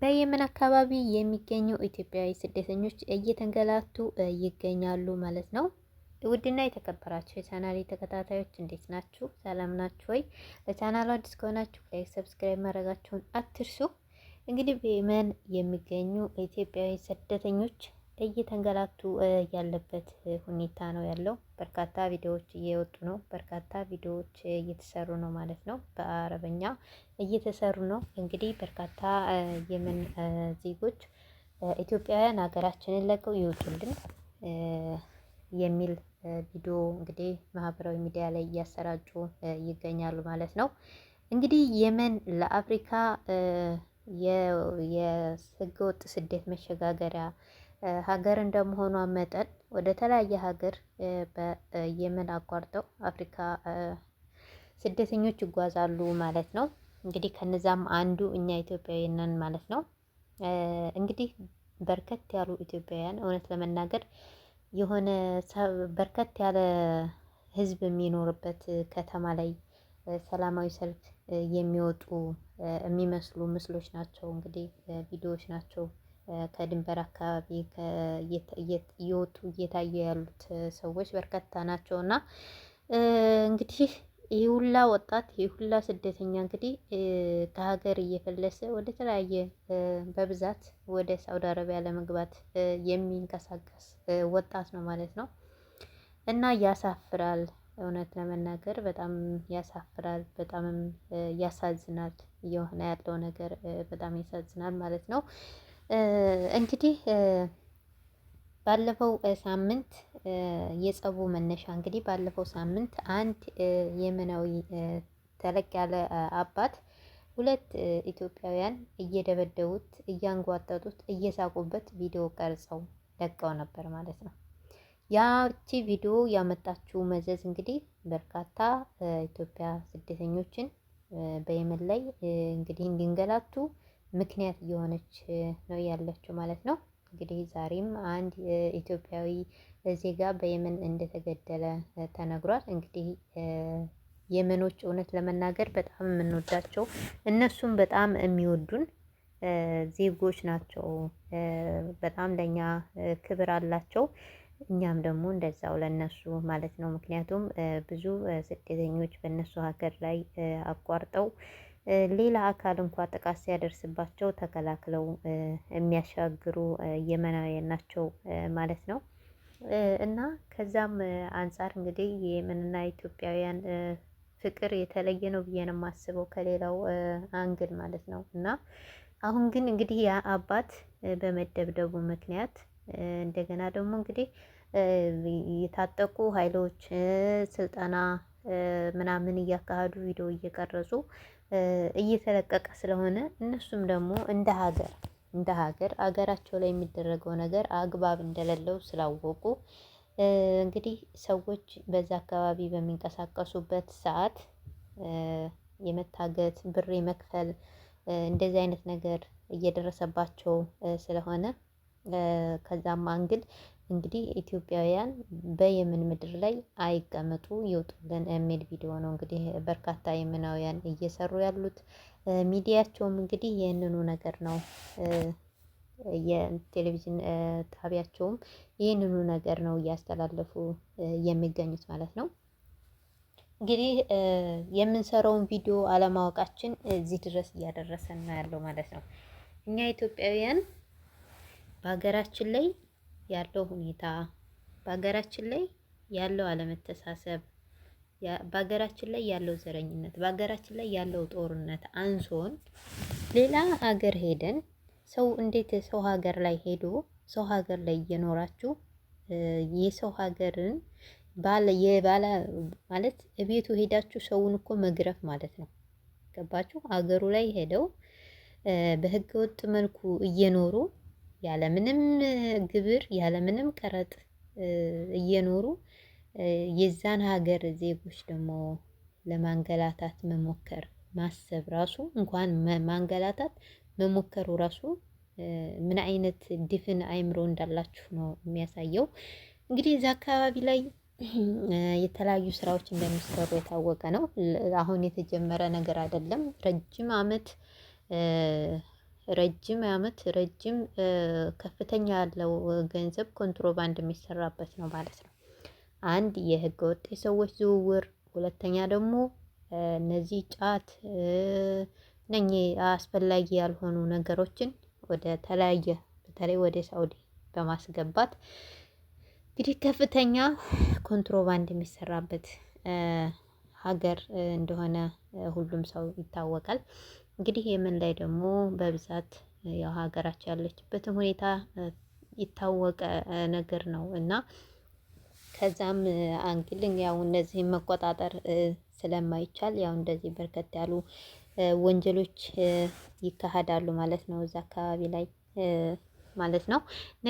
በየመን አካባቢ የሚገኙ ኢትዮጵያዊ ስደተኞች እየተንገላቱ ይገኛሉ ማለት ነው። ውድና የተከበራችሁ የቻናሌ ተከታታዮች እንዴት ናችሁ? ሰላም ናችሁ ወይ? ለቻናሉ አዲስ ከሆናችሁ ላይ ሰብስክራይብ ማድረጋችሁን አትርሱ። እንግዲህ በየመን የሚገኙ ኢትዮጵያዊ ስደተኞች እየተንገላቱ ያለበት ሁኔታ ነው ያለው። በርካታ ቪዲዮዎች እየወጡ ነው። በርካታ ቪዲዮዎች እየተሰሩ ነው ማለት ነው። በአረበኛ እየተሰሩ ነው። እንግዲህ በርካታ የመን ዜጎች ኢትዮጵያውያን ሀገራችንን ለቀው ይወጡልን የሚል ቪዲዮ እንግዲህ ማህበራዊ ሚዲያ ላይ እያሰራጩ ይገኛሉ ማለት ነው። እንግዲህ የመን ለአፍሪካ የህገወጥ ስደት መሸጋገሪያ ሀገር እንደመሆኗ መጠን ወደ ተለያየ ሀገር በየመን አቋርጠው አፍሪካ ስደተኞች ይጓዛሉ ማለት ነው። እንግዲህ ከነዛም አንዱ እኛ ኢትዮጵያውያን ነን ማለት ነው። እንግዲህ በርከት ያሉ ኢትዮጵያውያን እውነት ለመናገር የሆነ በርከት ያለ ሕዝብ የሚኖርበት ከተማ ላይ ሰላማዊ ሰልፍ የሚወጡ የሚመስሉ ምስሎች ናቸው እንግዲህ ቪዲዮዎች ናቸው ከድንበር አካባቢ እየወጡ እየታየ ያሉት ሰዎች በርካታ ናቸው እና እንግዲህ ይህ ሁላ ወጣት ይህ ሁላ ስደተኛ እንግዲህ ከሀገር እየፈለሰ ወደ ተለያየ በብዛት ወደ ሳውዲ አረቢያ ለመግባት የሚንቀሳቀስ ወጣት ነው ማለት ነው እና ያሳፍራል። እውነት ለመናገር በጣም ያሳፍራል፣ በጣምም ያሳዝናል። እየሆነ ያለው ነገር በጣም ያሳዝናል ማለት ነው። እንግዲህ ባለፈው ሳምንት የጸቡ መነሻ እንግዲህ ባለፈው ሳምንት አንድ የመናዊ ተለቅ ያለ አባት ሁለት ኢትዮጵያውያን እየደበደቡት፣ እያንጓጠጡት፣ እየሳቁበት ቪዲዮ ቀርጸው ለቀው ነበር ማለት ነው። ያቺ ቪዲዮ ያመጣችው መዘዝ እንግዲህ በርካታ ኢትዮጵያ ስደተኞችን በየመን ላይ እንግዲህ እንዲንገላቱ ምክንያት እየሆነች ነው ያለችው ማለት ነው። እንግዲህ ዛሬም አንድ ኢትዮጵያዊ ዜጋ በየመን እንደተገደለ ተነግሯል። እንግዲህ የመኖች እውነት ለመናገር በጣም የምንወዳቸው እነሱም በጣም የሚወዱን ዜጎች ናቸው። በጣም ለእኛ ክብር አላቸው። እኛም ደግሞ እንደዛው ለነሱ ማለት ነው። ምክንያቱም ብዙ ስደተኞች በእነሱ ሀገር ላይ አቋርጠው ሌላ አካል እንኳ ጥቃት ሲያደርስባቸው ተከላክለው የሚያሻግሩ የመናውያን ናቸው ማለት ነው። እና ከዛም አንጻር እንግዲህ የየመንና ኢትዮጵያውያን ፍቅር የተለየ ነው ብዬ ነው የማስበው ከሌላው አንግል ማለት ነው። እና አሁን ግን እንግዲህ ያ አባት በመደብደቡ ምክንያት እንደገና ደግሞ እንግዲህ የታጠቁ ኃይሎች ስልጠና ምናምን እያካሄዱ ቪዲዮ እየቀረጹ እየተለቀቀ ስለሆነ እነሱም ደግሞ እንደ ሀገር እንደ ሀገር አገራቸው ላይ የሚደረገው ነገር አግባብ እንደሌለው ስላወቁ እንግዲህ ሰዎች በዛ አካባቢ በሚንቀሳቀሱበት ሰዓት የመታገት ብር የመክፈል እንደዚህ አይነት ነገር እየደረሰባቸው ስለሆነ ከዛም አንግል እንግዲህ ኢትዮጵያውያን በየመን ምድር ላይ አይቀመጡ ይውጡልን የሚል ቪዲዮ ነው። እንግዲህ በርካታ የመናውያን እየሰሩ ያሉት ሚዲያቸውም እንግዲህ ይህንኑ ነገር ነው። የቴሌቪዥን ጣቢያቸውም ይህንኑ ነገር ነው እያስተላለፉ የሚገኙት ማለት ነው። እንግዲህ የምንሰራውን ቪዲዮ አለማወቃችን እዚህ ድረስ እያደረሰን ነው ያለው ማለት ነው። እኛ ኢትዮጵያውያን በሀገራችን ላይ ያለው ሁኔታ በሀገራችን ላይ ያለው አለመተሳሰብ፣ በሀገራችን ላይ ያለው ዘረኝነት፣ በሀገራችን ላይ ያለው ጦርነት አንሶን ሌላ ሀገር ሄደን ሰው እንዴት ሰው ሀገር ላይ ሄዶ ሰው ሀገር ላይ እየኖራችሁ የሰው ሀገርን ባለ የባለ ማለት እቤቱ ሄዳችሁ ሰውን እኮ መግረፍ ማለት ነው። ገባችሁ? ሀገሩ ላይ ሄደው በህገወጥ መልኩ እየኖሩ ያለምንም ግብር ያለምንም ቀረጥ እየኖሩ የዛን ሀገር ዜጎች ደግሞ ለማንገላታት መሞከር ማሰብ ራሱ እንኳን ማንገላታት መሞከሩ ራሱ ምን አይነት ድፍን አይምሮ እንዳላችሁ ነው የሚያሳየው። እንግዲህ እዛ አካባቢ ላይ የተለያዩ ስራዎች እንደሚሰሩ የታወቀ ነው። አሁን የተጀመረ ነገር አይደለም። ረጅም ዓመት ረጅም አመት ረጅም ከፍተኛ ያለው ገንዘብ ኮንትሮባንድ የሚሰራበት ነው ማለት ነው። አንድ የህገ ወጥ የሰዎች ዝውውር ሁለተኛ ደግሞ እነዚህ ጫት እነኚህ አስፈላጊ ያልሆኑ ነገሮችን ወደ ተለያየ በተለይ ወደ ሳውዲ በማስገባት እንግዲህ ከፍተኛ ኮንትሮባንድ የሚሰራበት ሀገር እንደሆነ ሁሉም ሰው ይታወቃል። እንግዲህ የመን ላይ ደግሞ በብዛት ያው ሀገራቸው ያለችበትም ሁኔታ ይታወቀ ነገር ነው እና ከዛም አንግልን ያው እነዚህን መቆጣጠር ስለማይቻል ያው እንደዚህ በርከት ያሉ ወንጀሎች ይካሄዳሉ ማለት ነው እዛ አካባቢ ላይ ማለት ነው።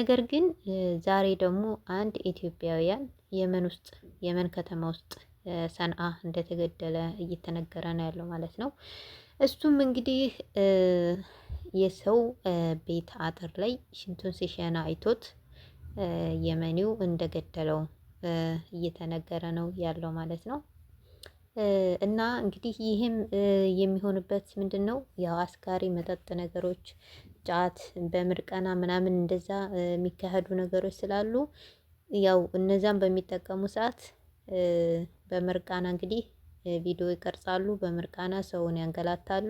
ነገር ግን ዛሬ ደግሞ አንድ ኢትዮጵያውያን የመን ውስጥ የመን ከተማ ውስጥ ሰንአ እንደተገደለ እየተነገረ ነው ያለው ማለት ነው። እሱም እንግዲህ የሰው ቤት አጥር ላይ ሽንቱን ሲሸና አይቶት የመኒው እንደገደለው እየተነገረ ነው ያለው ማለት ነው። እና እንግዲህ ይህም የሚሆንበት ምንድን ነው? ያው አስካሪ መጠጥ ነገሮች፣ ጫት፣ በምርቀና ምናምን እንደዛ የሚካሄዱ ነገሮች ስላሉ ያው እነዛም በሚጠቀሙ ሰዓት በምርቃና እንግዲህ ቪዲዮ ይቀርጻሉ፣ በምርቃና ሰውን ያንገላታሉ።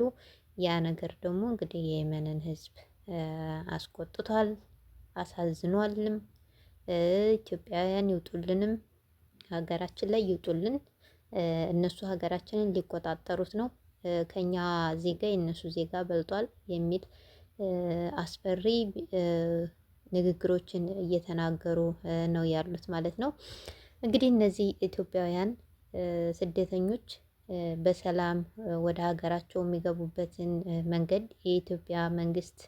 ያ ነገር ደግሞ እንግዲህ የየመንን ህዝብ አስቆጥቷል፣ አሳዝኗልም። ኢትዮጵያውያን ይውጡልንም፣ ሀገራችን ላይ ይውጡልን። እነሱ ሀገራችንን ሊቆጣጠሩት ነው፣ ከኛ ዜጋ የእነሱ ዜጋ በልጧል የሚል አስፈሪ ንግግሮችን እየተናገሩ ነው ያሉት ማለት ነው። እንግዲህ እነዚህ ኢትዮጵያውያን ስደተኞች በሰላም ወደ ሀገራቸው የሚገቡበትን መንገድ የኢትዮጵያ መንግስት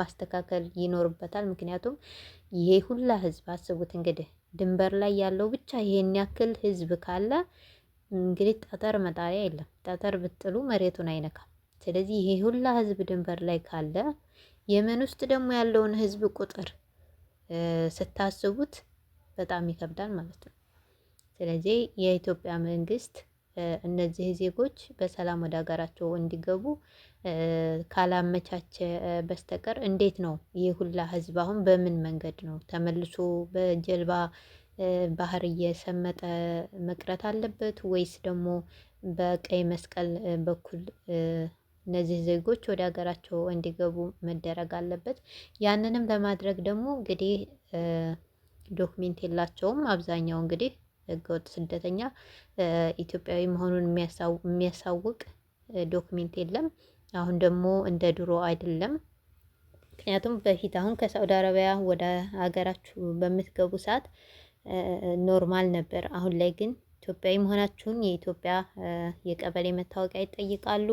ማስተካከል ይኖርበታል። ምክንያቱም ይሄ ሁላ ህዝብ አስቡት እንግዲህ ድንበር ላይ ያለው ብቻ ይሄን ያክል ህዝብ ካለ እንግዲህ ጠጠር መጣሪያ የለም። ጠጠር ብጥሉ መሬቱን አይነካም። ስለዚህ ይሄ ሁላ ህዝብ ድንበር ላይ ካለ የመን ውስጥ ደግሞ ያለውን ህዝብ ቁጥር ስታስቡት በጣም ይከብዳል ማለት ነው። ስለዚህ የኢትዮጵያ መንግስት እነዚህ ዜጎች በሰላም ወደ ሀገራቸው እንዲገቡ ካላመቻቸ በስተቀር እንዴት ነው ይህ ሁላ ህዝብ አሁን በምን መንገድ ነው ተመልሶ በጀልባ ባህር እየሰመጠ መቅረት አለበት? ወይስ ደግሞ በቀይ መስቀል በኩል እነዚህ ዜጎች ወደ ሀገራቸው እንዲገቡ መደረግ አለበት? ያንንም ለማድረግ ደግሞ እንግዲህ ዶክሜንት የላቸውም አብዛኛው እንግዲህ ህገወጥ ስደተኛ ኢትዮጵያዊ መሆኑን የሚያሳውቅ ዶክሜንት የለም። አሁን ደግሞ እንደ ድሮ አይደለም። ምክንያቱም በፊት አሁን ከሳውዲ አረቢያ ወደ ሀገራችሁ በምትገቡ ሰዓት ኖርማል ነበር። አሁን ላይ ግን ኢትዮጵያዊ መሆናችሁን የኢትዮጵያ የቀበሌ መታወቂያ ይጠይቃሉ።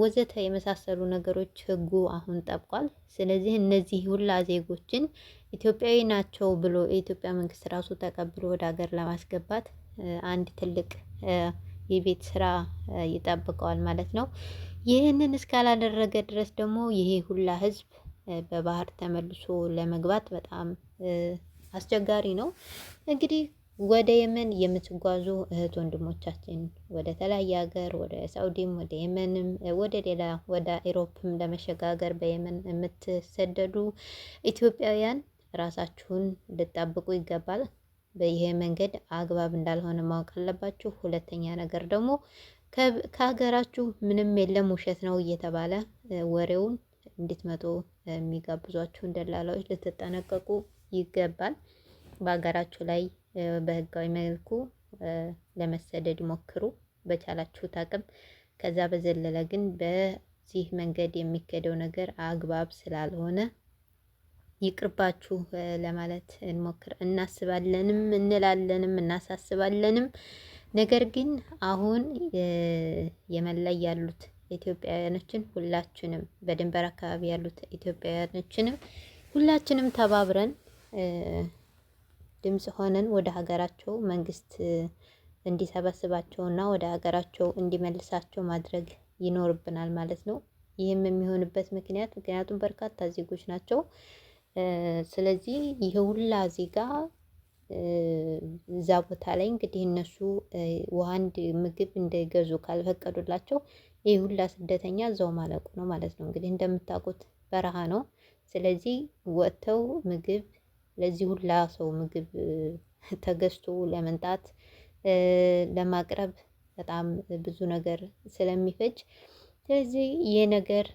ወዘተ የመሳሰሉ ነገሮች ህጉ አሁን ጠብቋል። ስለዚህ እነዚህ ሁላ ዜጎችን ኢትዮጵያዊ ናቸው ብሎ የኢትዮጵያ መንግስት ራሱ ተቀብሎ ወደ ሀገር ለማስገባት አንድ ትልቅ የቤት ስራ ይጠብቀዋል ማለት ነው። ይህንን እስካላደረገ ድረስ ደግሞ ይሄ ሁላ ህዝብ በባህር ተመልሶ ለመግባት በጣም አስቸጋሪ ነው እንግዲህ ወደ የመን የምትጓዙ እህት ወንድሞቻችን ወደ ተለያየ ሀገር ወደ ሳውዲም ወደ የመንም ወደ ሌላ ወደ አውሮፕም ለመሸጋገር በየመን የምትሰደዱ ኢትዮጵያውያን ራሳችሁን ልጠብቁ ይገባል። በይሄ መንገድ አግባብ እንዳልሆነ ማወቅ አለባችሁ። ሁለተኛ ነገር ደግሞ ከሀገራችሁ ምንም የለም ውሸት ነው እየተባለ ወሬውን እንድትመጡ የሚጋብዟችሁን ደላላዎች ልትጠነቀቁ ይገባል። በሀገራችሁ ላይ በህጋዊ መልኩ ለመሰደድ ሞክሩ በቻላችሁት አቅም። ከዛ በዘለለ ግን በዚህ መንገድ የሚከደው ነገር አግባብ ስላልሆነ ይቅርባችሁ ለማለት እንሞክር። እናስባለንም እንላለንም እናሳስባለንም። ነገር ግን አሁን የመን ላይ ያሉት ኢትዮጵያውያኖችን ሁላችንም በድንበር አካባቢ ያሉት ኢትዮጵያውያኖችንም ሁላችንም ተባብረን ድምፅ ሆነን ወደ ሀገራቸው መንግስት እንዲሰበስባቸውና ወደ ሀገራቸው እንዲመልሳቸው ማድረግ ይኖርብናል ማለት ነው። ይህም የሚሆንበት ምክንያት ምክንያቱም በርካታ ዜጎች ናቸው። ስለዚህ ይህ ሁላ ዜጋ እዛ ቦታ ላይ እንግዲህ እነሱ ውሃንድ ምግብ እንዳይገዙ ካልፈቀዱላቸው ይህ ሁላ ስደተኛ እዛው ማለቁ ነው ማለት ነው። እንግዲህ እንደምታውቁት በረሃ ነው። ስለዚህ ወጥተው ምግብ ለዚህ ሁላ ሰው ምግብ ተገዝቶ ለመንጣት ለማቅረብ በጣም ብዙ ነገር ስለሚፈጅ ስለዚህ ይህ ነገር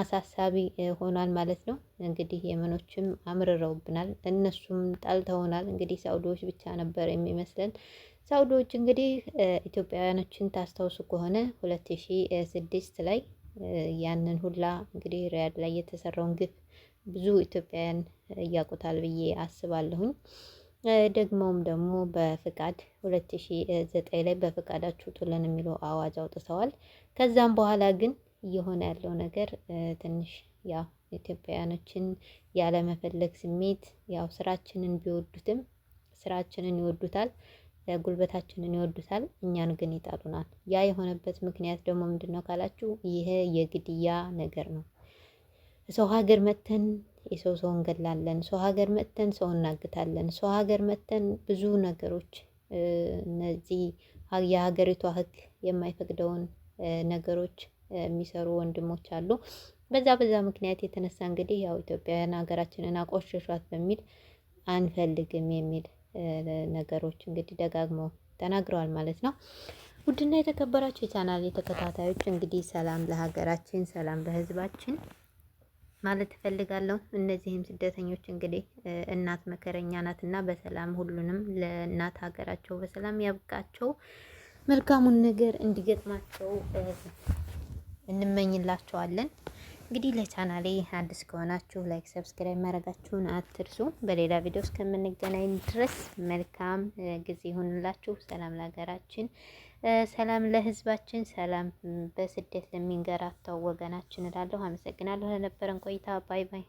አሳሳቢ ሆኗል ማለት ነው። እንግዲህ የመኖችም አምርረውብናል፣ እነሱም ጠልተውናል። እንግዲህ ሳውዲዎች ብቻ ነበር የሚመስለን። ሳውዲዎች እንግዲህ ኢትዮጵያውያኖችን ታስታውሱ ከሆነ ሁለት ሺ ስድስት ላይ ያንን ሁላ እንግዲህ ሪያድ ላይ የተሰራውን ግፍ ብዙ ኢትዮጵያውያን እያውቁታል ብዬ አስባለሁኝ። ደግሞም ደግሞ በፍቃድ ሁለት ዘጠኝ ላይ በፍቃዳችሁ ውጡልን የሚለው አዋጅ አውጥተዋል። ከዛም በኋላ ግን እየሆነ ያለው ነገር ትንሽ ያው ኢትዮጵያውያኖችን ያለመፈለግ ስሜት ያው ስራችንን ቢወዱትም ስራችንን ይወዱታል ጉልበታችንን ይወዱታል እኛን ግን ይጠሉናል። ያ የሆነበት ምክንያት ደግሞ ምንድነው ካላችሁ ይሄ የግድያ ነገር ነው ሰው ሀገር መተን የሰው ሰው እንገላለን። ሰው ሀገር መተን ሰው እናግታለን። ሰው ሀገር መተን ብዙ ነገሮች እነዚህ የሀገሪቷ ሕግ የማይፈቅደውን ነገሮች የሚሰሩ ወንድሞች አሉ። በዛ በዛ ምክንያት የተነሳ እንግዲህ ያው ኢትዮጵያውያን ሀገራችንን አቆሸሿት በሚል አንፈልግም የሚል ነገሮች እንግዲህ ደጋግመው ተናግረዋል ማለት ነው። ውድና የተከበራችሁ የቻናል የተከታታዮች እንግዲህ ሰላም ለሀገራችን፣ ሰላም ለህዝባችን። ማለት እፈልጋለሁ። እነዚህም ስደተኞች እንግዲህ እናት መከረኛ ናት እና በሰላም ሁሉንም ለእናት ሀገራቸው በሰላም ያብቃቸው፣ መልካሙን ነገር እንዲገጥማቸው እንመኝላቸዋለን። እንግዲህ ለቻናሌ አዲስ ከሆናችሁ ላይክ፣ ሰብስክራይብ ማድረጋችሁን አትርሱ። በሌላ ቪዲዮ እስከምንገናኝ ድረስ መልካም ጊዜ ይሁንላችሁ። ሰላም ለሀገራችን፣ ሰላም ለሕዝባችን፣ ሰላም በስደት ለሚንገራታው ወገናችን እላለሁ። አመሰግናለሁ ለነበረን ቆይታ። ባይ ባይ።